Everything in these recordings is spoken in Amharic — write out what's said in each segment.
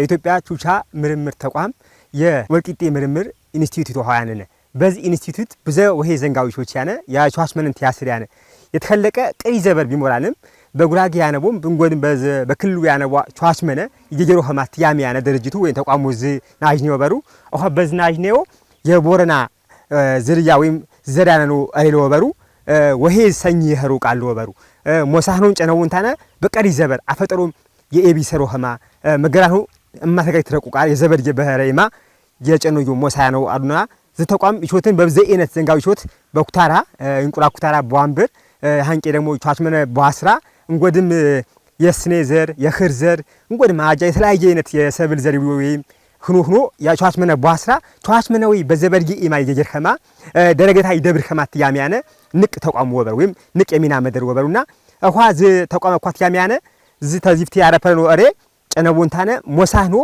በኢትዮጵያ ቹቻ ምርምር ተቋም የወልቂጤ ምርምር ኢንስቲትዩት ተዋያነነ በዚህ ኢንስቲትዩት ብዘ ወሄ ዘንጋዊ ሾች ያነ የአቸዋሽ መንንት ያስር ያነ የተከለቀ ጥሪ ዘበር ቢሞላንም በጉራጌ ያነቦም ብንጎድም በክልሉ ያነቧ ቸዋሽ መነ የጀሮ ህማት ያሚ ያነ ድርጅቱ ወይም ተቋሙ ዝ ናጅኔው በሩ አሁ በዝ ናጅኔው የቦረና ዝርያ ወይም ዘዳነ ነው አሌሎ በሩ ወሄ ሰኝ ይኸሩ ቃል ወበሩ ሞሳህኑን ጨነውን ታነ በቀሪ ዘበር አፈጠሮም የኤቢ ሰሮ ህማ መገራኑ እማተጋይ ትረቁ ቃል የዘበድ የበህረይማ የጨኖዩ ሞሳያ ነው አዱና ዝተቋም ይሾትን በብዘይነት ዘንጋዊ ይሾት በኩታራ እንቁራ ኩታራ በዋንብር ሃንቄ ደግሞ ቻችመነ በአስራ እንጎድም የስኔ ዘር የኽር ዘር እንጎድም አጃ የተለያየ አይነት የሰብል ዘር ወይም ህኖ ህኖ ቻችመነ በአስራ ቻችመነ ወይ በዘበድጌ ኢማ የጀርኸማ ደረገታ ይደብር ኸማ ትያሚያነ ንቅ ተቋም ወበር ወይም ንቅ የሚና መደር ወበሩና እኳ ዝ ተቋም እኳ ትያሚያነ ዝ ተዚፍቲ ያረፈ ነው አሬ ጨነቦን ታነ ሞሳህ ጨነቦንታነ ሞሳኖ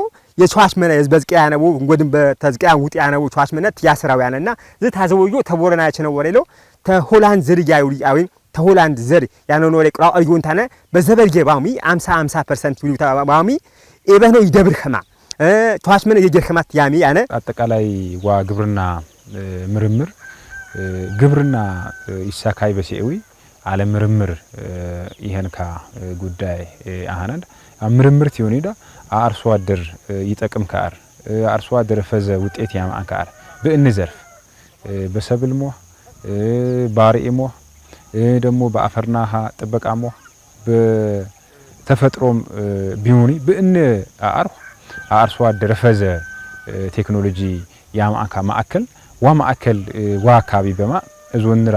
የቸዋሽመነ ዝበዝቀ ያነቦ እንጎድን በተዝቀያ ውጥ ያነቦ ቸዋሽመነ ትያስራው ያነና ዝ ታዘወዮ ተቦረና ያቸነው ወሬሎ ተሆላንድ ዝር ዝርያ ይውሪያዊ ተሆላንድ ዘር ያነኖ ወሬ ቅራው ታነ በዘበልጌ ባሚ 50 50% ይውሪታ ባሚ ኤበኖ ይደብር ከማ ኸማ ቸዋሽመነ የጀር ከማት ያሚ ያነ አጠቃላይ ዋ ግብርና ምርምር ግብርና ይሳካይ በሴዊ አለ ምርምር ይሄንካ ጉዳይ አሃናንድ ምርምር ትሆኔዳ አርሶ አደር ይጠቅም ከአር አርሶ አደር ፈዘ ውጤት ያማን ከአር በእን ዘርፍ በሰብል ሞ ባርኢ ሞ ደግሞ በአፈርናሃ ጥበቃ ሞ በተፈጥሮም ቢሆኒ በእን አር አርሶ አደር ፈዘ ቴክኖሎጂ ያማን ካ ማእከል ዋ ማእከል ዋ አካባቢ በማ እዞንራ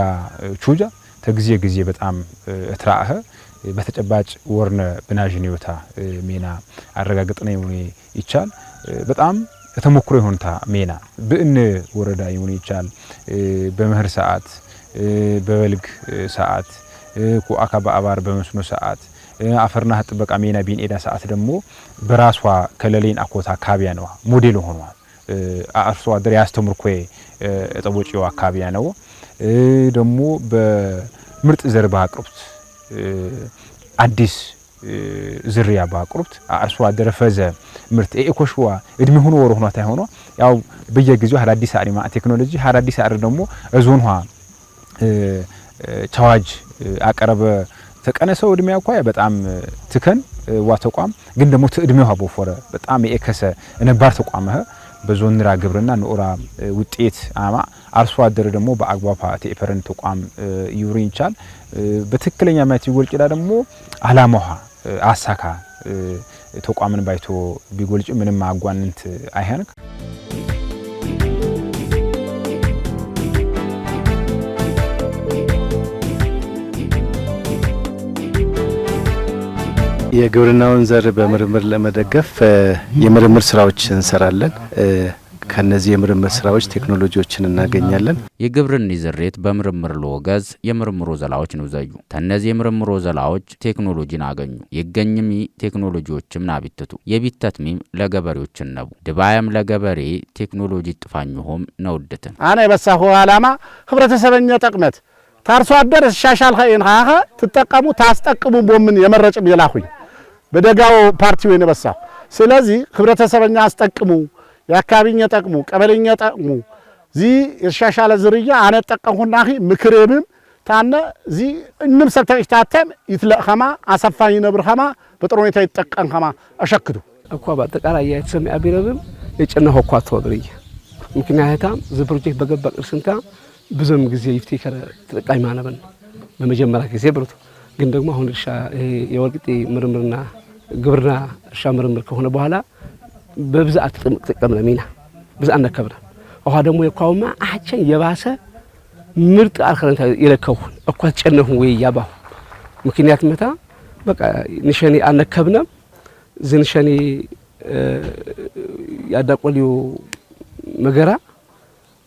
ቹጃ ተጊዜ ጊዜ በጣም እትራአህ በተጨባጭ ወርነ ብናዥን ዮታ ሜና ነው የሆነ ይቻል በጣም ተሞክሮ የሆንታ ሜና ብእን ወረዳ የሆነ ይቻል በመኸር ሰዓት በበልግ ሰዓት ኩአካ በአባር በመስኖ ሰዓት አፈርና ጥበቃ ሜና ቢን ኤዳ ሰዓት ደግሞ በራሷ ከለሌን አኮታ ካቢያ ነዋ ሞዴል ሆኗል። አርሶ አደር ያስተምርኮ ጠቦጪው ካቢያ ነው ደግሞ በምርጥ ዘርባ አቅርቡት አዲስ ዝርያ ባቁርብት አርሶ አደረ ፈዘ ምርት ኤኮሽዋ እድሜ ሆኖ ወሮ ሆኗ ታይሆኖ ያው በየጊዜው አዳዲስ አሪማ ቴክኖሎጂ አዳዲስ አር ደግሞ እዞን ሆ ቻዋጅ አቀረበ ተቀነሰው እድሜ አኳ በጣም ትከን ዋ ተቋም ግን ደግሞ እድሜ ሆ ቦፎረ በጣም የኤከሰ ነባር ተቋም በዞንራ ግብርና ንኡራ ውጤት አማ አርሶ አደር ደግሞ በአግባፋ ቴፈረን ተቋም ይውሪ ይቻል በትክክለኛ ማየት ይወልጭዳ ደግሞ አላማዋ አሳካ ተቋምን ባይቶ ቢጎልጭ ምንም አጓንንት አይሄንክ የግብርናውን ዘር በምርምር ለመደገፍ የምርምር ስራዎች እንሰራለን። ከነዚህ የምርምር ስራዎች ቴክኖሎጂዎችን እናገኛለን። የግብርን ዝሬት በምርምር ለወገዝ የምርምሮ ዘላዎች ነው ዘዩ ተነዚህ የምርምሮ ዘላዎች ቴክኖሎጂን አገኙ ይገኝሚ ቴክኖሎጂዎችም ናቢትቱ የቢተትሚም ለገበሬዎችን ነቡ ድባየም ለገበሬ ቴክኖሎጂ ጥፋኝሆም ነውድትን አነ የበሳሁ አላማ ህብረተሰበኛ ጠቅመት ታርሶ አደር ሻሻል ኸይን ይንኸ ትጠቀሙ ታስጠቅሙ ቦምን የመረጭም የላሁኝ በደጋው ፓርቲው የነበሳ ስለዚህ ህብረተሰበኛ አስጠቅሙ የአካባቢኛ ጠቅሙ ቀበሌኛ ጠቅሙ ዚ የተሻሻለ ዝርያ ኣነ ጠቀምኩና ምክርብም ታነ እዚ እንም ሰብ ተቂታተም ይትለእ ኸማ ኣሰፋን ይነብር ኸማ በጥሩ ሁኔታ ይጠቀም ኸማ አሸክዱ እኳ በአጠቃላይ የሰሚያ ቢረብም የጨናሁ እኳ ተወድርየ ምክንያታም እዚ ፕሮጀክት በገባ ቅርስንካ ብዙም ጊዜ ይፍቴ ከረ ተጠቃሚ ማነበን በመጀመሪያ ጊዜ ብሩት ግን ደግሞ አሁን እርሻ የወልቅጤ ምርምርና ግብርና እርሻ ምርምር ከሆነ በኋላ በብዛት ጥቅምነ ሚና ብዛት ነከብነ ውሃ ደግሞ የኳውማ አቸን የባሰ ምርጥ አልከረንታ የለከውን እኳ ጨነሁ ወይ ያባሁ ምክንያት መታ በቃ ንሸኒ አልነከብነ ዝንሸኒ ያዳቆልዮ መገራ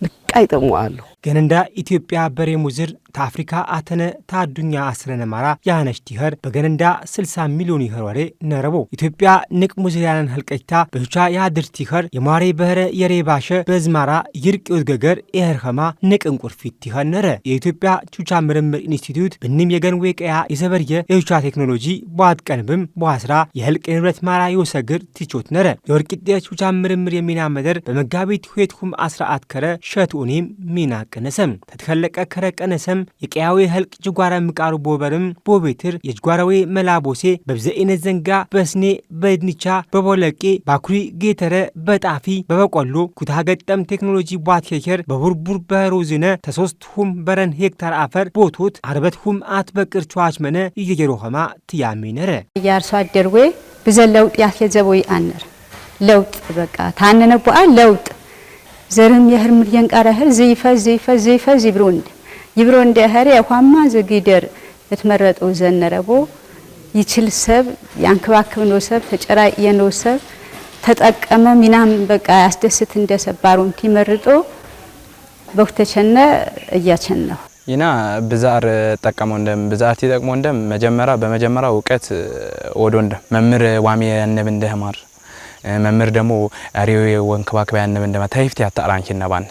ንቃይ ጠሙ አለሁ ገነንዳ ኢትዮጵያ በሬ ሙዝር ታፍሪካ አተነ ታዱኛ አስረነ ማራ ያነሽ ቲኸር በገነንዳ 60 ሚሊዮን ይኸር ወሬ ነረቦ ኢትዮጵያ ንቅ ሙዝሪያንን ህልቀይታ በቹቻ የአድር ቲኸር የማሬ በህረ የሬባሸ በዝማራ ይርቅ ገገር የህርኸማ ንቅ እንቁርፊት ቲኸር ነረ የኢትዮጵያ ቹቻ ምርምር ኢንስቲትዩት ብንም የገን ዌቀያ የዘበርየ የቹቻ ቴክኖሎጂ በዋት ቀንብም በዋስራ የህልቅ ንብረት ማራ የወሰግር ቲቾት ነረ የወርቂጤ ቹቻ ምርምር የሚና መደር በመጋቢት ሁየትኩም አስራአት ከረ ሸትኡኔም ሚና ቀነሰም ተተኸለቀ ከረ ቀነሰም የቀያዊ ህልቅ ጅጓረ ምቃሩ ቦበርም ቦቤትር የጅጓረዌ መላቦሴ በብዘኢነት ዘንጋ በስኔ በድንቻ በቦለቄ ባኩሪ ጌተረ በጣፊ በበቆሎ ኩታገጠም ቴክኖሎጂ ቧትኬከር በቡርቡር በሮዝነ ተሶስት ሁም በረን ሄክታር አፈር ቦቶት አርበት ሁም አት በቅር ቸዋች መነ እየጌሮ ኸማ ትያሜ ነረ እያርሶ አደርዌ ብዘን ለውጥ ያኬዘቦይ አነር ለውጥ በቃ ታነነቦአ ለውጥ ዘርም የህርም የንቃራ ህር ዘይፈዝ ዘይፈዝ ዘይፈዝ ይብሮንድ ይብሮንድ ህር የኋማ ዘጊደር የተመረጠው ዘነረቦ ይችል ሰብ ያንክባክብ ነው ሰብ ተጨራ የነው ሰብ ተጠቀመ ሚናም በቃ ያስደስት እንደሰባሩን ሰባሩም ቲመርጦ በኩተቸነ እያቸነው ይና ብዛር ጠቀመው እንደም ብዛር ይጠቅመው እንደም መጀመሪያ በመጀመሪያ እውቀት ወዶ እንደ መምህር ዋሚ ያነብ እንደማር መምህር ደግሞ ሪዌ ወንክባክባ ያንብ እንደማ ታይፍት ያታራንኪ ነባን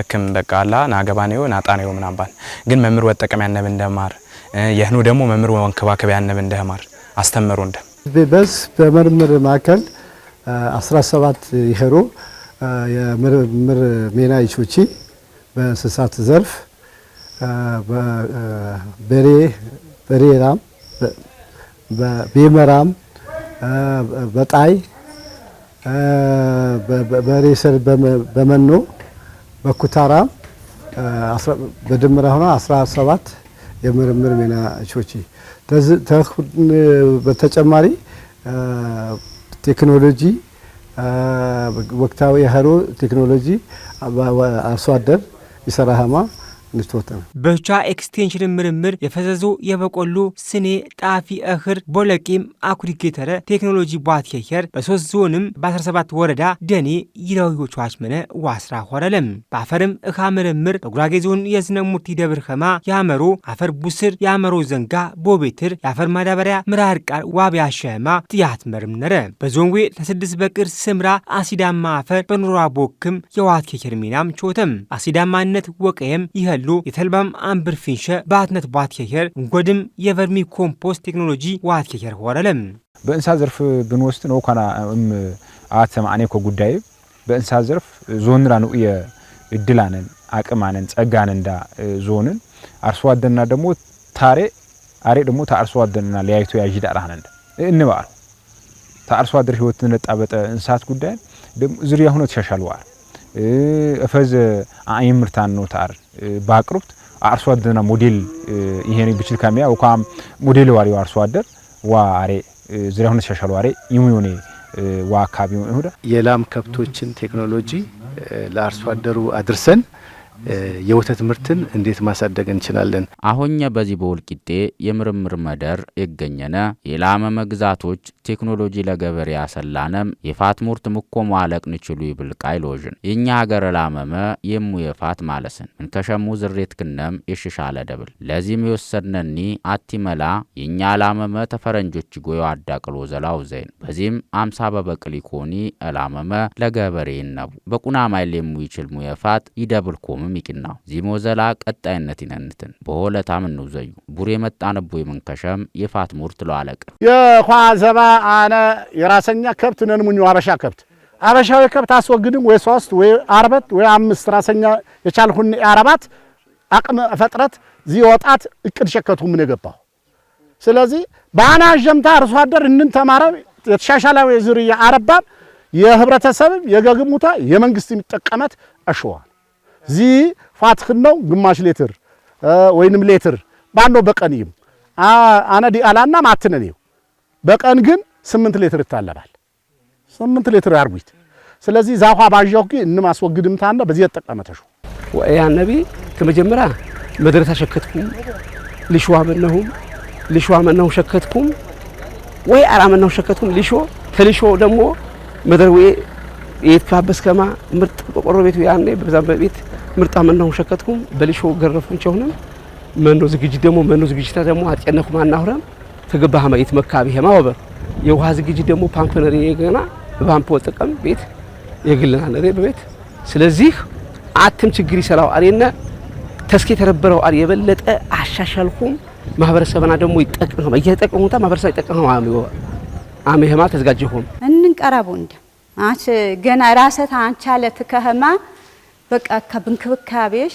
እክም በቃላ ናገባኔዮ ናጣኔዮ ናጣኔው ምናባን ግን መምህር ወጠቀም ያንብ እንደማር የህኑ ደግሞ መምህር ወንክባክባ ያንብ እንደማር አስተምሩ እንደ በስ በምርምር ማዕከል 17 ይሄሩ የምርምር ሜና ይቾቺ በእንስሳት ዘርፍ በሬ በሬራም በቤመራም በጣይ በሬ ስር በመኖ በኩታራ በድምራ ሆና 17 የምርምር ሜና ቾቺ በተጨማሪ ቴክኖሎጂ ወቅታዊ የህሮ ቴክኖሎጂ አርሶ አደር ይሰራ ሀማ እንድትወጠነ በቻ ኤክስቴንሽን ምርምር የፈዘዞ የበቆሎ ስኔ ጣፊ እህር ቦለቂም አኩሪጌተረ ቴክኖሎጂ ቧት በሶስት ዞንም በ17 ወረዳ ደኔ ይራዊዎቹ አችመነ ዋስራ ሆረለም በአፈርም እኻ ምርምር በጉራጌ ዞን የዝነ ሙርቲ ደብር ኸማ ያመሮ አፈር ቡስር ያመሮ ዘንጋ ቦቤትር የአፈር ማዳበሪያ ምራር ቃር ዋቢያ ሸማ ጥያት መርም ነረ በዞንዌ ለስድስት በቅር ስምራ አሲዳማ አፈር በኑሯ ቦክም የዋት ኬቸር ሚናም ቾተም አሲዳማነት ወቀየም ይኸል ያሉ የተልባም አንብር ፊንሸ በአትነት ዋትኬከር እንጎድም የቨርሚ ኮምፖስት ቴክኖሎጂ ዋትኬከር ሆረለም በእንስሳ ዘርፍ ብንወስድ ነው ኳና እም አት ሰማኔ ኮ ጉዳይ በእንስሳ ዘርፍ ዞንራ ነው እድላነን አቅማነን ጸጋነን ዳ ዞንን አርሶ አደንና ደግሞ ታሬ አሬ ደግሞ ታርሶ አደንና ለያይቶ ያጂ ዳራህነን እንባል ታርሶ አደር ህይወት ንጣበጠ እንስሳት ጉዳይ ዝርያ ሆኖ ተሻሻለዋል እፈዝ አይምርታን ነው ታር በአቅርብት አርሶ አደርና ሞዴል ይሄን ብችል ካሚያ ወካም ሞዴል ዋሪ አርሶ አደር ዋ አሬ ዝሪያ ሁነ ተሻሻሉ አሬ ይሙዮኔ ዋ አካባቢ ይሁዳ የላም ከብቶችን ቴክኖሎጂ ለአርሶ አደሩ አድርሰን የወተት ምርትን እንዴት ማሳደግ እንችላለን? አሁኛ በዚህ በወልቂጤ የምርምር መደር የገኘነ የላመ መግዛቶች ቴክኖሎጂ ለገበሬ ያሰላነም የፋት ሙርት ምኮ ማለቅ ንችሉ ይብል ቃይሎዥን የእኛ ሀገር ላመመ የሙ የፋት ማለስን እንከሸሙ ዝሬት ክነም የሽሻለ ደብል ለዚህም የወሰድነኒ አቲመላ የእኛ ላመመ ተፈረንጆች ጎዮ አዳቅሎ ዘላው ዘይን በዚህም አምሳ በበቅል ኢኮኒ ላመመ ለገበሬ ይነቡ በቁናማይል የሙ ይችል ሙ የፋት ይደብልኮምም ሚቅና ዚሞ ዘላ ቀጣይነት ይነንትን በሆለ ታምን ነው ዘዩ ቡሬ መጣነቦ የመንከሸም የፋት ሙርት ለዋለቅ የኳ ዘባ አነ የራሰኛ ከብት ነንሙኝ አበሻ ከብት አበሻዊ ከብት አስወግድም ወይ ሶስት ወይ አርበት ወይ አምስት ራሰኛ የቻልሁን የአረባት አቅም ፈጥረት ዚወጣት እቅድ ሸከቱ ምን የገባሁ ስለዚህ በአና ጀምታ አርሶ አደር እንን ተማረ የተሻሻለ ዝርያ አረባም የህብረተሰብ የገግሙታ የመንግስት የሚጠቀመት አሸዋ እዚህ ፋትህን ነው ግማሽ ሌትር ወይንም ሌትር ባለው በቀን ይም አነዲ አላና ማትነን በቀን ግን ስምንት ሌትር ይታለባል። ስምንት ሌትር ያርጉት። ስለዚህ ዛፏ ባዣው ግን እንማስወግድም ታና በዚህ ተጠቀመተሹ ወያ ነቢ ከመጀመሪያ መድረታ ሸከትኩም ልሽዋ መነሁም ልሽዋ መነሁ ሸከትኩም ወይ አራመናው ሸከትኩም ልሾ ከልሾ ደግሞ መደር ወይ የት ከማ ምርጥ ቆቆሮ ቤቱ ያኔ በዛም በቤት ምርጣ አመናሁ ሸከትኩም በሊሾ ገረፉን ቸውንም መኖ ዝግጅት ደግሞ መኖ ዝግጅት ደግሞ አጨነኩም አናሁረም ተገባህ ማይት መካቢ ሄማ ወበር የውሃ ዝግጅት ደግሞ ፓምፕነሪ የገና ባምፕ ወጥቀም ቤት የግልና ነሪ በቤት ስለዚህ አትም ችግር ይሰራው አሬና ተስኪ ተረበረው አሬ የበለጠ አሻሻልኩም ማህበረሰብና ደግሞ ይጠቅም እየተጠቀሙታ ማህበረሰብ ይጠቅም አሚ አሚ ሄማ ተዘጋጀሁም እንንቀራቡ እንደ አንቺ ገና ራሰት አንቻለት ከህማ በቃ ብንክብካቤሽ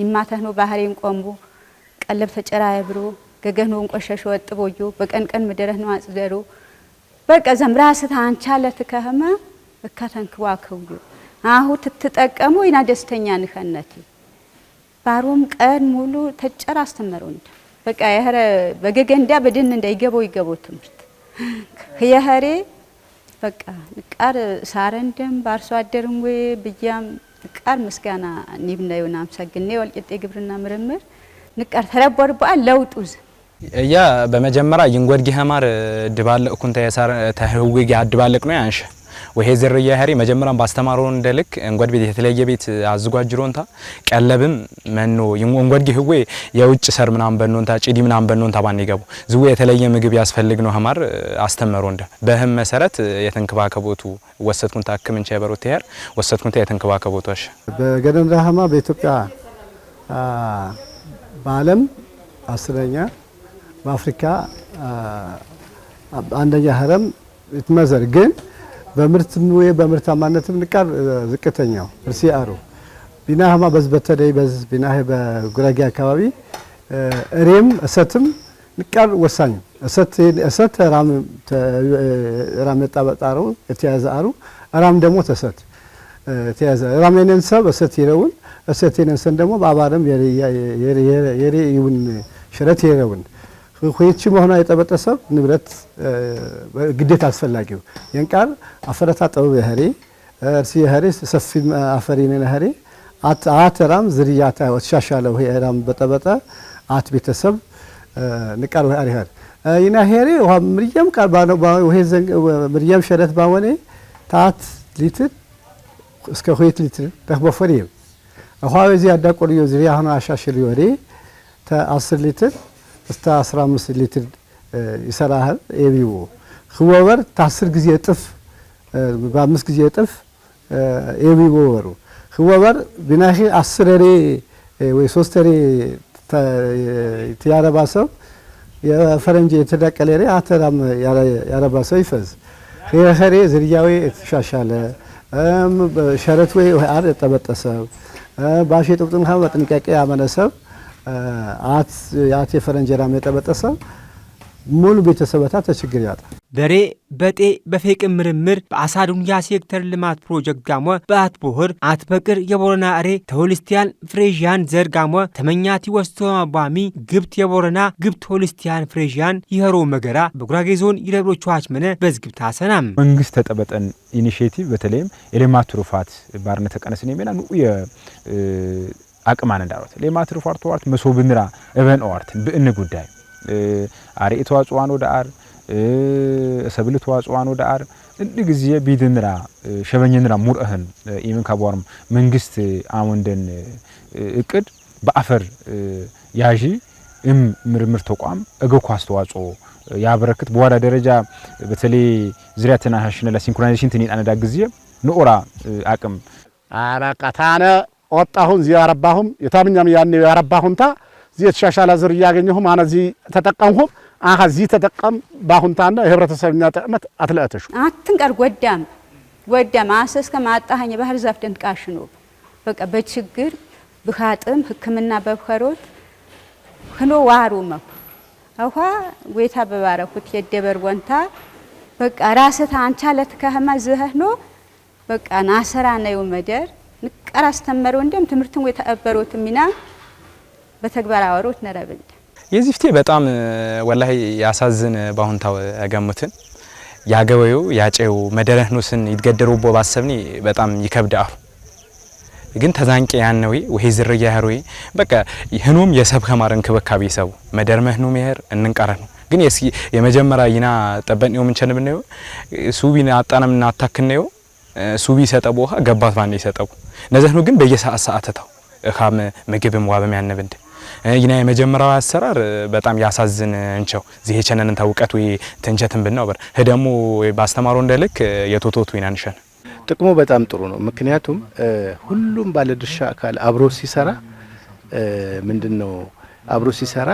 ይማተህ ነው ባህሬን ቆምቦ ቀለብ ተጨራ ብሮ ገገህ ነው እንቆሸሽ ወጥ ቦዮ በቀንቀን ምድረህ ነው አጽደሩ በቃ ዘምራስት አንቻለ ትከህመ እካተንክዋ ክውዩ አሁ ትትጠቀሙ ይና ደስተኛ ንኸነቲ ባሮም ቀን ሙሉ ተጨራ አስተመረው እንደ በቃ የኸረ በገገንዳ በድን እንደ ይገበው ይገበው ትምህርት የኸሬ በቃ ንቃር ሳረንደም ባርሶ አደርም ወይ ብያም ንቃር ምስጋና ኒብናዩን አምሰግነ ወልቂጤ ግብርና ምርምር ንቃር ተረቦር በዓል ለውጡዝ እያ በመጀመሪያ ይንጎድጊ ሀማር ድባለቅ ኩንተ የሳር ተህውጊ አድባለቅ ነው ያንሽ ወይ ዝርያ ሀሪ መጀመሪያም ባስተማሩን እንደልክ እንጓድ ቤት የተለየ ቤት አዝጓጅሮንታ ቀለብም መኖ እንጓድ ጊ ህዌ የውጭ ሰር ምናምን በኖንታ ጭዲ ምናምን በኖንታ ባን ይገቡ ዝው የተለየ ምግብ ያስፈልግ ነው ሀማር አስተመሩ እንደ በህም መሰረት የተንከባከቦቱ ወሰትኩን ታክም እንቻ የበሮት ያር ወሰትኩን ታ የተንከባከቦቱ አሽ በገደም ዳህማ በኢትዮጵያ በዓለም አስረኛ በአፍሪካ አንደኛ ሀረም ይትመዘር ግን በምርት በምርታማነትም ንቃር ዝቅተኛው እርሲ አሩ ቢና ሀማ በዝ በተለይ በዝ ቢና በጉራጌ አካባቢ እሬም እሰትም ንቃር ወሳኝ እሰት እሰት ራም ራም ተጣበጣሩ የተያዘ አሩ ራም ደግሞ ተሰት ተያዘ ራም ሰብ እሰት ይረውን እሰት የነን ሰን ደግሞ በአባረም የሬ የሬ ይውን ሽረት ይረውን ሆቺ መሆኗ የጠበጠሰ ንብረት ግዴታ አስፈላጊው የንቃር አፈረታ ጠበብ ያህሪ እርሲ ያህሪ ሰፊ አፈሪን ያህሪ አተራም ዝርያታ ወሻሻለው ያህራም በጠበጠ አት ቤተሰብ ንቃል ወያሪ ያህሪ ይና ሄሪ ወሃ ምርያም ቃል ባነው ወሄ ወይ ዘንግ ምርያም ሸረት ባወኔ ታት ሊትር እስከ ሁለት ሊትር ተበፈሪ ወሃ ወይ ዚያዳ ቆልዮ ዝርያ ሆነ አሻሽል ይወሪ ተ 10 ሊትር እስተ 15 ሊትር ይሰራሃል። ኤቢኦ ህወበር ታስር ጊዜ እጥፍ በአምስት ጊዜ እጥፍ ኤቢኦ ወሩ ህወበር ቢናኺ 10 ሬ ወይ 3 ሬ ያረባ ሰብ የፈረንጅ የተዳቀለ ሬ አተራም ያረባ ሰው ይፈዝ የኸሬ ዝርያዊ የተሻሻለ ሸረት ወይ አር የጠበጠ ሰብ ባሽ የጥብጥም በጥንቃቄ ያመነ ሰብ አያቴ ፈረንጀራ የጠበጠሰ ሙሉ ቤተሰበታ ተችግር ያጣ በሬ በጤ በፌቅን ምርምር በአሳ ዱንያ ሴክተር ልማት ፕሮጀክት ጋሞ በአት ቦህር አት በቅር የቦረና ሬ ተሆልስቲያን ፍሬዥያን ዘር ጋሞ ተመኛቲ ወስቶ ባሚ ግብት የቦረና ግብት ሆልስቲያን ፍሬዥያን ይኸሮ መገራ በጉራጌ ዞን ይደብሮቹ አችመነ በዝግብት አሰናም መንግስት ተጠበጠን ኢኒሽቲቭ በተለይም የልማት ትሩፋት ባርነት ተቀነስን የሚላ ንቁ አቅማን እንዳሮት ለማትርፍ ዋርት መሶብ ምራ እበን አዋርትን ብእን ጉዳይ አርኢ ተዋጽዋን ወደ አር ሰብል ተዋጽዋን ወደ አር እንድ ጊዜ ቢድንራ ሸበኝንራ ሙርአህን ኢምን ካቧርም መንግስት አወንደን እቅድ በአፈር ያዢ እም ምርምር ተቋም እገኳ አስተዋጽኦ ያበረክት በዋዳ ደረጃ በተለይ ዝሪያ ተናሽነላ ሲንክሮናይዜሽን ትኒጣነዳ ጊዜ ንኦራ አቅም አረቀታነ ወጣሁን ዚ ያረባሁም የታምኛም ያኔው ያረባሁንታ ዚ የተሻሻለ ዝር እያገኘሁም አነ ዚ ተጠቀምሁም አኸ ዚ ተጠቀም ባሁንታና የህብረተሰብኛ ጥቅመት አትለእተሹ አትንቀር ጎዳም ጎዳም አሰስከ ማጣሃኝ ባህር ዛፍ ደንቃሽ ነው በቃ በችግር ብኻጥም ህክምና በብኸሮት ህኖ ዋሩ መኩ አውኻ ጎይታ በባረኩት የደበር ወንታ በቃ ራስታ አንቻለት ከህማ ነው በቃ ናሰራ ነው መደር ንቀራ አስተመረ እንደም ትምህርትን ወይ ተአበሮት ሚና በተግባር አወሩት ነረብል የዚህ ፍቴ በጣም ወላሂ ያሳዝን ባሁንታው ያገሙትን ያገበዩ ያጨው መደረህ ኖስን ይትገደሩ ቦ ባሰብኒ በጣም ይከብዳሁ ግን ተዛንቄ ያን ነው ወይ ዝር ያህሩ በቃ ህኖም የሰብ ከማረን ክበካብ ይሰቡ መደርመህ ነው መሄር እንንቀረ ነው ግን የመጀመሪያ ይና ጠበን ነው ምን ነው ሱቢና አጣናም እና ነው ሱቢ ሰጠብ ውሃ ገባት ባነ ይሰጠቡ ነዘህኑ ግን በየሰዓት ሰዓት ሰዓተታው እካም ምግብም ዋበም ያነብንድ ይና የመጀመሪያው አሰራር በጣም ያሳዝን እንቸው ዚህ ቸነን ተውቀት ወይ ትንቸትን በር ህደሙ ባስተማሩ እንደልክ የቶቶቱ ይናንሸን ጥቅሙ በጣም ጥሩ ነው። ምክንያቱም ሁሉም ባለድርሻ አካል አብሮ ሲሰራ ምንድነው አብሮ ሲሰራ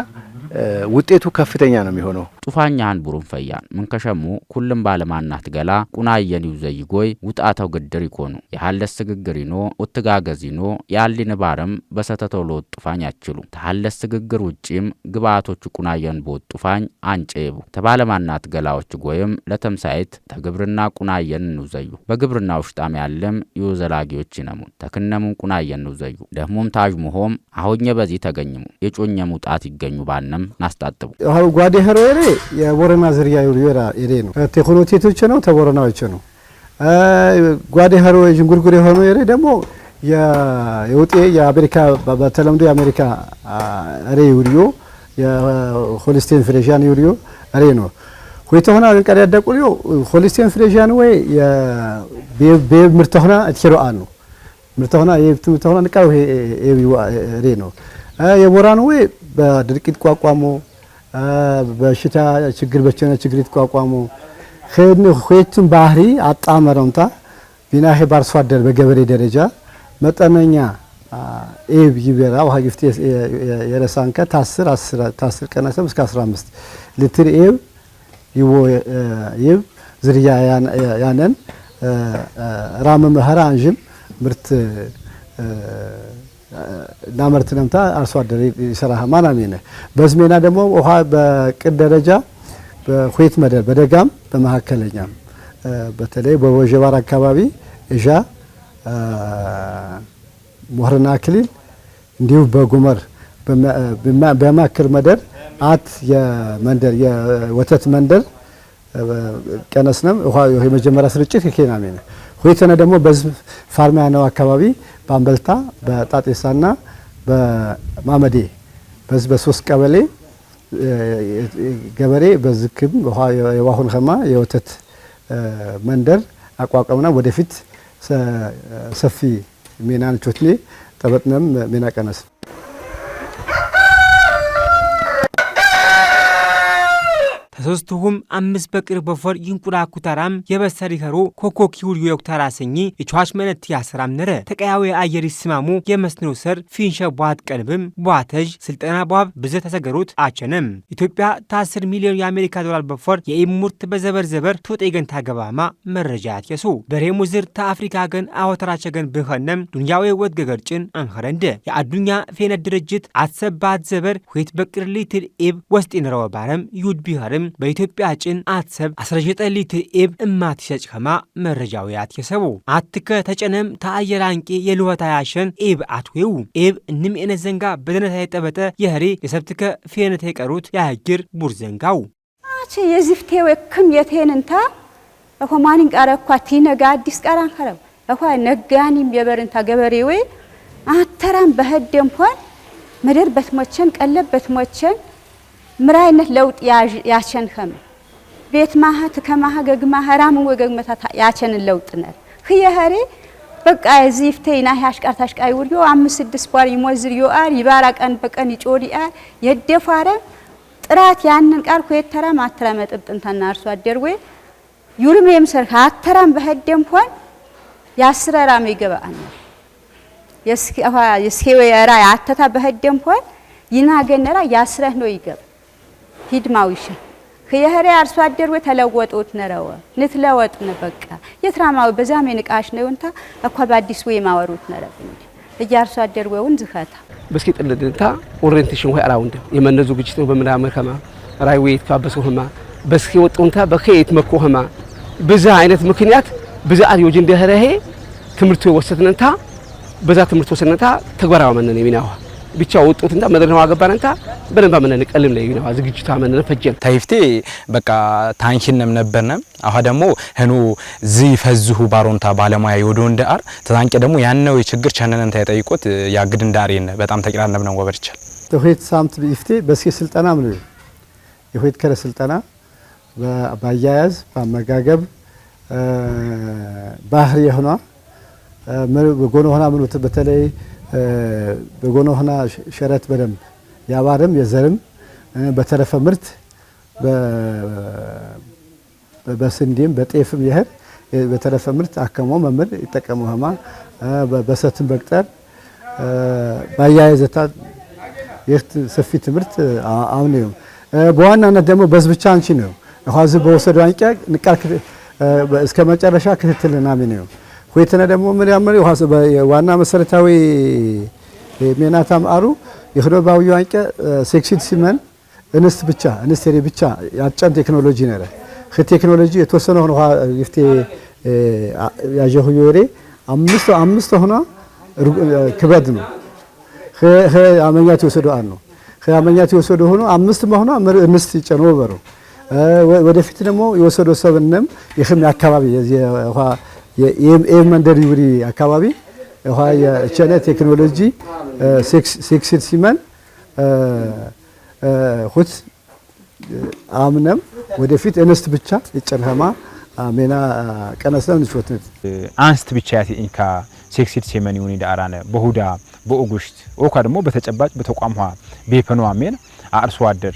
ውጤቱ ከፍተኛ ነው የሚሆነው። ጩፋኛን ቡሩን ፈያን ምንከሸሙ ኩልም ባለማናት ገላ ቁናየን ጎይ ውጣተው ግድር ይኮኑ የሀለስ ስግግሪኖ ውትጋገዚኖ ያሊ ንባርም በሰተቶሎ ጡፋኝ አችሉ ተሀለስ ስግግር ውጪም ግብአቶቹ ቁናየን ቦት ጡፋኝ አንጨቡ ተባለማናት ገላዎች ጎይም ለተምሳይት ተግብርና ቁናየን ንውዘዩ በግብርና ውሽጣም ያለም ይወዘላጊዎች ይነሙ ተክነሙ ቁናየን ንውዘዩ ደህሞም ታዥሙሆም አሁኘ በዚህ ተገኝሙ የጮኘ የሙጣት ይገኙ ባንም ናስጣጥቡ አሁ ጓዴ ሄሮ ሄሬ የቦረና ዝርያ ዩራ ሄሬ ነው ቴክኖቴቶች ነው ተቦረናዎች ነው ጓዴ ሄሮ ዥንጉርጉር የሆኑ ሬ ደግሞ የውጤ የአሜሪካ በተለምዶ የአሜሪካ ሬ ዩሪዮ የሆሊስቴን ፍሬዣን ዩሪዮ ሬ ነው ሆይተ ሆና ያደቁ ያደቁልዮ ሆሊስቴን ፍሬዣን ወይ ምርተ ሆና እትሄሮ አል ነው ምርተ ሆና የብት ምርተ ሆና ንቃ ሬ ነው የቦራን ወይ በድርቅ ይቋቋሙ፣ በሽታ ችግር በቸነ ችግር ይቋቋሙ። ኸን ባህሪ አጣመረውንታ ቢናሄ ሄ አደር በገበሬ ደረጃ መጠነኛ ኤብ ይበራ ውሃ ግፍት የረሳንከ ታስር ታስር ቀነሰ እስከ 15 ሊትር ኤብ ይቦ ይብ ዝርያ ያነን ራመ መኸራ አንዥም ምርት ናመርት ነምታ አርሶ አደር ይሰራ ማና ነህ በዝሜና ደግሞ ውሃ በቅድ ደረጃ በሁት መደር በደጋም በመካከለኛም በተለይ በወጀባር አካባቢ እዣ ሞህርና ክሊል እንዲሁም በጉመር በማክር መደር አት የመንደር የወተት መንደር ቀነስነም ውሃ የመጀመሪያ ስርጭት ከኬናሜ ነው። ሁለተኛ ደግሞ በህዝብ ፋርሚያ ነው አካባቢ በአንበልታ በጣጤሳና በማመዴ በዚህ በሶስት ቀበሌ ገበሬ በዝክም የዋሁን ከማ የወተት መንደር አቋቋምና ወደፊት ሰፊ ሚናን ቾትኔ ጠበጥነም ሚና ቀነስ ከሶስቱሁም አምስት በቅር ኩታራም የበሰር የበሰሪ ኸሮ ኮኮኪውል ዮክታራ ሰኚ እቻች መነት ያስራም ነረ ተቀያዊ አየር ይስማሙ የመስኖ ሰር ፊንሸ ቧት ቀልብም ቧተዥ ስልጠና ቧብ ብዘ ተሰገሩት አቸነም ኢትዮጵያ ታስር ሚሊዮን የአሜሪካ ዶላር በፎር የኢሙርት በዘበር ዘበር ቶጤ ገን ታገባማ መረጃ ያትየሱ በሬሙ ዝር ተአፍሪካ ገን አወተራቸ ገን ብኸነም ዱንያዊ ገገርጭን አንኸረንደ የአዱኛ ፌነት ድርጅት አሰባት ዘበር ሁት በቅር ሊትል ኤብ ወስጤ ነረወ ባረም ዩድ ቢኸርም በኢትዮጵያ ጭን አትሰብ 19 ሊት ኤብ እማትሸጭ ከማ መረጃው ያት የሰቡ አትከ ተጨነም ተአየር ተአየራንቂ የልወታ ያሸን ኤብ አትዌው ኤብ እንም የነ ዘንጋ በደነት አይጠበጠ የህሬ የሰብትከ ፌነት የቀሩት ያግር ቡር ዘንጋው አቺ የዚፍቴ ወክም የቴንንታ እኮ ማንን ቃረኳ ቲነጋ አዲስ ቃራን ከረብ እኳ ነጋኒም የበርንታ ገበሬ ወይ አተራም በህደም ሆን ምድር በትሞቸን ቀለብ በትሞቸን ምራ አይነት ለውጥ ያቸንከም ቤት ማህ ትከማህ ራም ወገግ መታታ ያቸን ለውጥ ነር ህየኸሬ በቃ እዚ ና ያሽቃር ታሽቃይ ውርዮ አምስት ስድስት ቧር ይሞዝር ይዋር ይባራ ቀን በቀን ይጮሪ አ የደፋረ ጥራት ያንን ቃልኩ የተራ ማተራ መጥብጥንታና አርሶ ወይ ዩርም የምሰር አተራም በህደም ሆን ያስረራም ይገባአን የስኪ አሃ የስኪ ወራ ያተታ በህደም ሆን ይናገነራ ያስረህ ነው ይገባ ሂድማዊሽ የህሬ አርሶ አደር ወይ ተለወጡት ነረወ ንትለወጥ ነበቃ የትራማዊ በዛም የንቃሽ ነው እንታ አኳ በአዲስ ወይ ማወሩት ነረብኝ እያርሶ አደር ወውን ዝኸታ በስኪ ጥልድንታ ኦሪንቴሽን ወይ አራውንድ የመነዙ ግጭት ነው በምናመ ከማ ራይ ወይ ተባበሰ ሆማ በስኪ ወጡንታ በከየት መኮ ሆማ በዛ አይነት ምክንያት በዛ አሪዮጅ እንደህረሄ ትምህርት ወሰትነንታ በዛ ትምህርት ወሰትነንታ ተግባራዊ መነን የሚናዋ ብቻ ወጡት ወጡትና መድረና ዋገባናንካ በደንብ መነ ቀልም ላይ ነው ዝግጅቱ አመነ ፈጀን ታይፍቴ በቃ ታንሽንም ነበርነ አሃ ደግሞ ህኑ ዚ ፈዝሁ ባሮንታ ባለሙያ ይወዶ እንደ አር ተዛንቄ ደግሞ ያነው የችግር ቸነነን ታይጠይቆት ያግድ የነ በጣም ተቅራነብ ነው ወበር ወበርቻል ተሁት ሳምት ቢፍቴ በስኪ ስልጠና ምን የሁት ከረ ስልጠና በአያያዝ በአመጋገብ ባህሪ የሆኗ ጎኖ ሆና ምኑት በተለይ በጎኖሆና ሸረት በደንብ የአባርም የዘርም በተረፈ ምርት በስንዴም በጤፍም ይህል በተረፈ ምርት አከሞ መምህር ይጠቀሙ ህማ በሰትን በቅጠር በአያያዘታ ይህት ሰፊ ትምህርት አሁን ነው። በዋናነት ደግሞ በዝ አንቺ ነው ኋዝ በወሰዱ አንቂያ ንቃር እስከ መጨረሻ ክትትልና ነው ኩዌትና ደግሞ ምን ምንያመሪ ዋና መሰረታዊ ሜናታም አሩ የህዶ ባውዩ አንቀ ሴክሲት ሲመን እንስት ብቻ እንስቴሪ ብቻ ያጫን ቴክኖሎጂ ነረ ቴክኖሎጂ የተወሰነ ሆኖ ይፍቴ ያጀሁ ይወሬ አምስት አምስት ሆኖ ክበድ ነው አመኛት የወሰዱ አን ነው አመኛት የወሰዱ ሆኖ አምስት መሆኗ እንስት ይጨኖ በሩ ወደፊት ደግሞ የወሰዱ ሰብንም ይህም የዚህ የውሃ የኤም መንደር ዩሪ አካባቢ ውሃ የቸነ ቴክኖሎጂ ሴክስድ ሲመን ሁት አምነም ወደፊት እንስት ብቻ ይጨርሃማ ሜና ቀነሰን ንሾትነት አንስት ብቻ ያቲኢንካ ሴክሲድ ሴመን ይሁን ዳአራነ በሁዳ በኦጉሽት ኦካ ደግሞ በተጨባጭ በተቋምዋ ቤፈኗ ሜን አርሶ አደር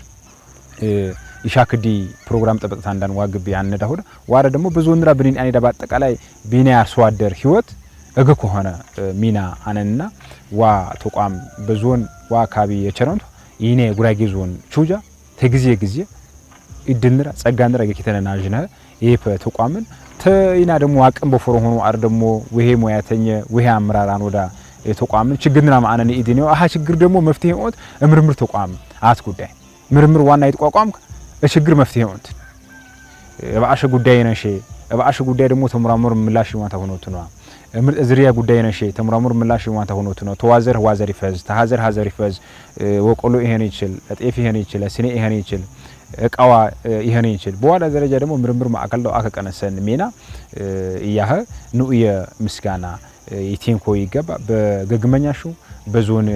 ኢሻክዲ ፕሮግራም ጠበቅታ እንዳን ዋግብ ያነዳ ሆደ ዋረ ደግሞ ብዙ ንራ ብኒን አኔዳ በአጠቃላይ ቢና አርሶ አደር ህይወት እግ ከሆነ ሚና አነንና ዋ ተቋም በዞን ዋ አካባቢ የቸረንቱ ይኔ ጉራጌ ዞን ቹጃ ተጊዜ ጊዜ እድንራ ጸጋንራ ጌተነናዥነ ይህ ተቋምን ተይና ደግሞ አቅም በፎሮ ሆኖ አር ደግሞ ወሄ ሙያተኛ ወሄ አመራር አንወዳ ተቋምን ችግርና ማአነን ኢዲኔው አሃ ችግር ደግሞ መፍትሄ ሆት ምርምር ተቋም አት ጉዳይ ምርምር ዋና ይተቋቋም ለችግር መፍትሄ ሆንት የባዕሽ ጉዳይ ነሽ የባዕሽ ጉዳይ ደግሞ ተመራምር ምላሽ ማታ ሆኖት ነው ምርጥ ዝርያ ጉዳይ ነሽ ተመራምር ምላሽ ማታ ሆኖት ነው ተዋዘር ዋዘር ይፈዝ ተሃዘር ሃዘር ይፈዝ ወቆሎ ይሄን ይችል ጤፍ ይሄን ይችል ስኔ ይሄን ይችል እቃዋ ይሄን ይችል በኋላ ደረጃ ደግሞ ምርምር ማዕከል ለው አከቀነሰን ሜና እያህ ንኡየ ምስጋና የቴንኮ ይገባ በገግመኛሹ በዞን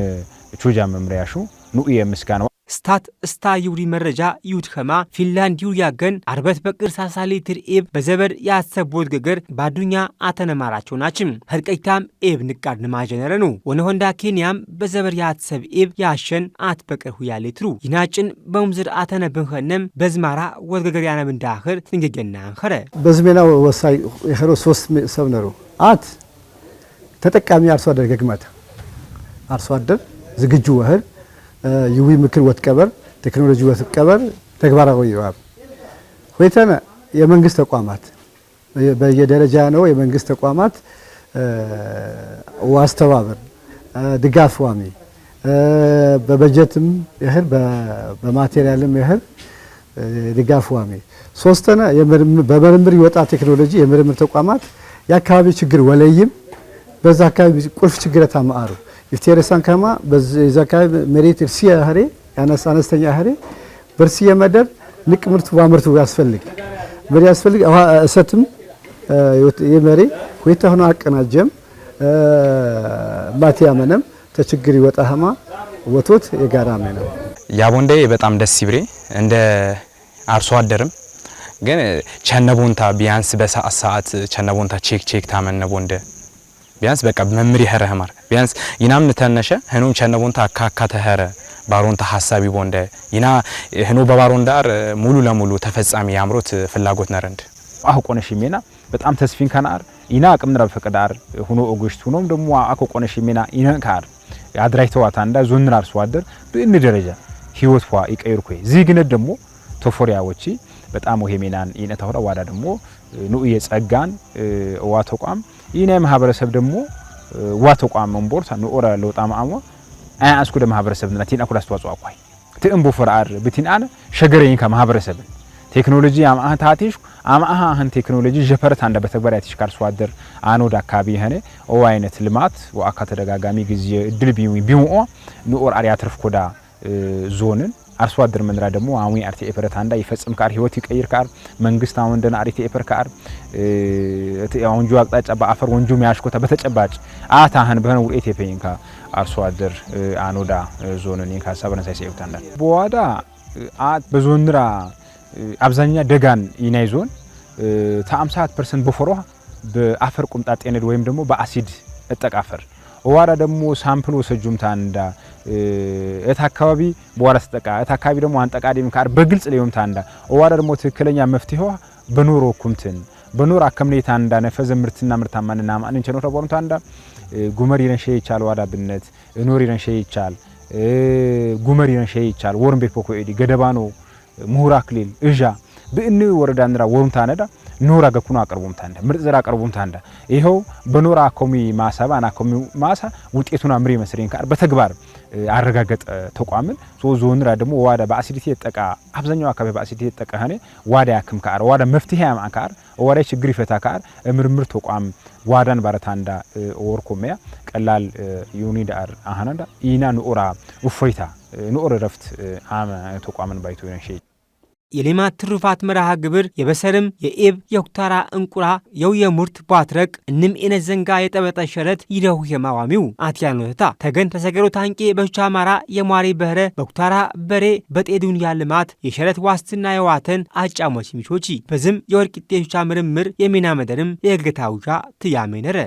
ቹጃ መምሪያሹ ንኡየ ምስጋና ስታት እስታ ይውሪ መረጃ ይውድ ኸማ ፊንላንድ ዩርያገን አርበት በቅር ሳሳሌ ትር ኤብ በዘበር የአሰቦት ገገር ባዱኛ አተነማራቸው ናችም ህርቀይታም ኤብ ንቃድ ንማጀነረ ንማጀነረኑ ወነሆንዳ ኬንያም በዘበር የአትሰብ ኤብ ያሸን አት በቅር ሁያሌ ትሩ ይናጭን በሙዝር አተነ ብንኸነም በዝማራ ገገር ያነብ እንዳኸር ትንገገና ኸረ በዝሜና ወሳይ የኸሮ ሶስት ሰብ ነሩ አት ተጠቃሚ አርሶ አደር ገግመት አርሶ አደር ዝግጁ ወህል ይዊ ምክር ወትቀበር ቴክኖሎጂ ወትቀበር ተግባራዊ ይዋብ ሁይተነ የመንግስት ተቋማት በየደረጃ ነው የመንግስት ተቋማት ዋስተባበር ድጋፍ ዋሚ በበጀትም ያህል በማቴሪያልም ያህል ድጋፍ ዋሚ ሶስተነ በምርምር ይወጣ ቴክኖሎጂ የምርምር ተቋማት የአካባቢ ችግር ወለይም በዛ አካባቢ ቁልፍ ችግረታ መአሩ የስቴሬሳን ከማ በዛ አካባቢ መሬት እርሲያ ያህሬ ያነሳ አነስተኛ ያህሬ በእርሲያ የመደር ንቅ ምርት ዋምርቱ ያስፈልግ መሪ ያስፈልግ አዋ እሰትም የመሪ ሁይታ ሆኖ አቀናጀም ማቲያ መነም ተችግር ይወጣ ህማ ወቶት የጋራ ነው ያቦንዴ በጣም ደስ ይብሬ እንደ አርሶ አደርም ግን ቸነቦንታ ቢያንስ በሰዓት ሰዓት ቸነቦንታ ቼክ ቼክ ታመነቦ እንደ ቢያንስ በቃ መምሪ ሀረ ሀማር ቢያንስ ይናም ተነሸ ህኑን ቸነቦንታ አካካተ ተሄረ ባሮንታ ሀሳቢ ቦንደ ይና ህኑ በባሮን ዳር ሙሉ ለሙሉ ተፈጻሚ ያምሮት ፍላጎት ነረንድ አቆነሽ ሜና በጣም ተስፊን ከናር ይና አቅም ንራ በፈቀዳር ሁኖ ኦጎሽት ሁኖም ደግሞ አኮ ቆነሽ ሜና ይና ካር አድራጅተዋታ እንዳ ዞን ንራር ስዋደር ብእን ደረጃ ህይወት ፏ ይቀይርኩ ዚግነት ደግሞ ቶፎሪያዎቺ በጣም ወሄ ሜናን ይነታው ዋዳ ደግሞ ኑ የጸጋን ዋ ተቋም ይህና ማህበረሰብ ደግሞ ዋ ተቋም መንቦር ንኦረ ለውጣ ማአሞ አያ ደ ማህበረሰብ ና ቲና ኩል አስተዋጽኦ አኳይ ትእምቦ ፈርአር ብቲናነ ሸገረኝ ከማህበረሰብን ቴክኖሎጂ አማአ ታቲሽ አማአ አሁን ቴክኖሎጂ ጀፈረት አንደ በተግባር ያቲሽ ካርሶ አደር አኖድ አካባቢ የሆነ ኦ አይነት ልማት ወአካ ተደጋጋሚ ጊዜ እድል ቢሙ ቢሙ ንኦር አሪያ ትርፍ ኮዳ ዞንን አርሶ አደር መንራ ደግሞ አዊ አርቲ ኤፈረት አንዳ ይፈጽም ከአር ህይወት ይቀይር ከአር መንግስት አሁን እንደና አርቲ ኤፈር ከአር አሁን አቅጣጫ በአፈር ወንጁ ሚያሽኮታ በተጨባጭ አታህን በሆነ ውጤት የፈኝካ አርሶ አደር አኖዳ ዞንን ይንካ ሀሳብ ሳይ ሲውታና በዋዳ በዞንራ አብዛኛ ደጋን ይናይ ዞን ተአምሳት ፐርሰንት በፎሮ በአፈር ቁምጣ ጤነድ ወይም ደግሞ በአሲድ እጠቃፈር ዋዳ ደግሞ ሳምፕል ወሰጁምታ እንዳ እት አካባቢ በዋላስ ስጠቃ እት አካባቢ ደግሞ አንጠቃ ዲም ካር በግልጽ ለዮም ታንዳ ኦዋላ ደግሞ ትክክለኛ መፍትሄዋ በኑሮ ኩምትን በኑር አከምኔታ አንዳ ነፈ ዘምርትና ምርታማንና ማንን ቸኖ ተቦሩን ታንዳ ይረን ሸይ ይቻል ዋዳ ብነት ይረን ሸይ ይቻል ይረን ሸይ ይቻል ቤት ፖኮ ኤዲ ነው ምሁራ ክሊል እዣ ብእን ወረዳ ንራ ወሩን ታነዳ ኖራ ገኩኑ አቀርቦም ታንደ ምርጥ ዘራ አቀርቦም ታንደ ይኸው በኖራ አኮሚ ማሳባና አኮሚ ማሳ ውጤቱና ምሪ መስሪን ካር በተግባር አረጋገጠ ተቋምን ሶ ዞን ራ ደግሞ ዋዳ በአሲዲቲ የጠቃ አብዛኛው አካባቢ በአሲዲቲ የጠቃ ሀኔ ዋዳ ያክም ካር ዋዳ መፍትሄ ያማ ካር ዋዳ ችግር ይፈታ ካር ምርምር ተቋም ዋዳን ባረታንዳ ወርኮሚያ ቀላል ዩኒድ አር አሃናንዳ ኢና ንኡራ እፎይታ ንኡር ረፍት አመ ተቋምን ባይቶ ሸ የሌማት ትሩፋት መርሃ ግብር የበሰርም የኤብ የኩታራ እንቁራ የውየሙርት ቧትረቅ እንም ኤነዘንጋ ዘንጋ የጠበጠ ሸረት ይደሁ የማዋሚው አትያኖተታ ተገን ተሰገሮ ታንቄ በቹቻ አማራ የሟሪ በህረ በኩታራ በሬ በጤዱንያ ልማት የሸረት ዋስትና የዋተን አጫሞች ሚቾቺ በዝም የወርቂጤ ቹቻ ምርምር የሚና መደርም የእገታውቻ ትያሜ ነረ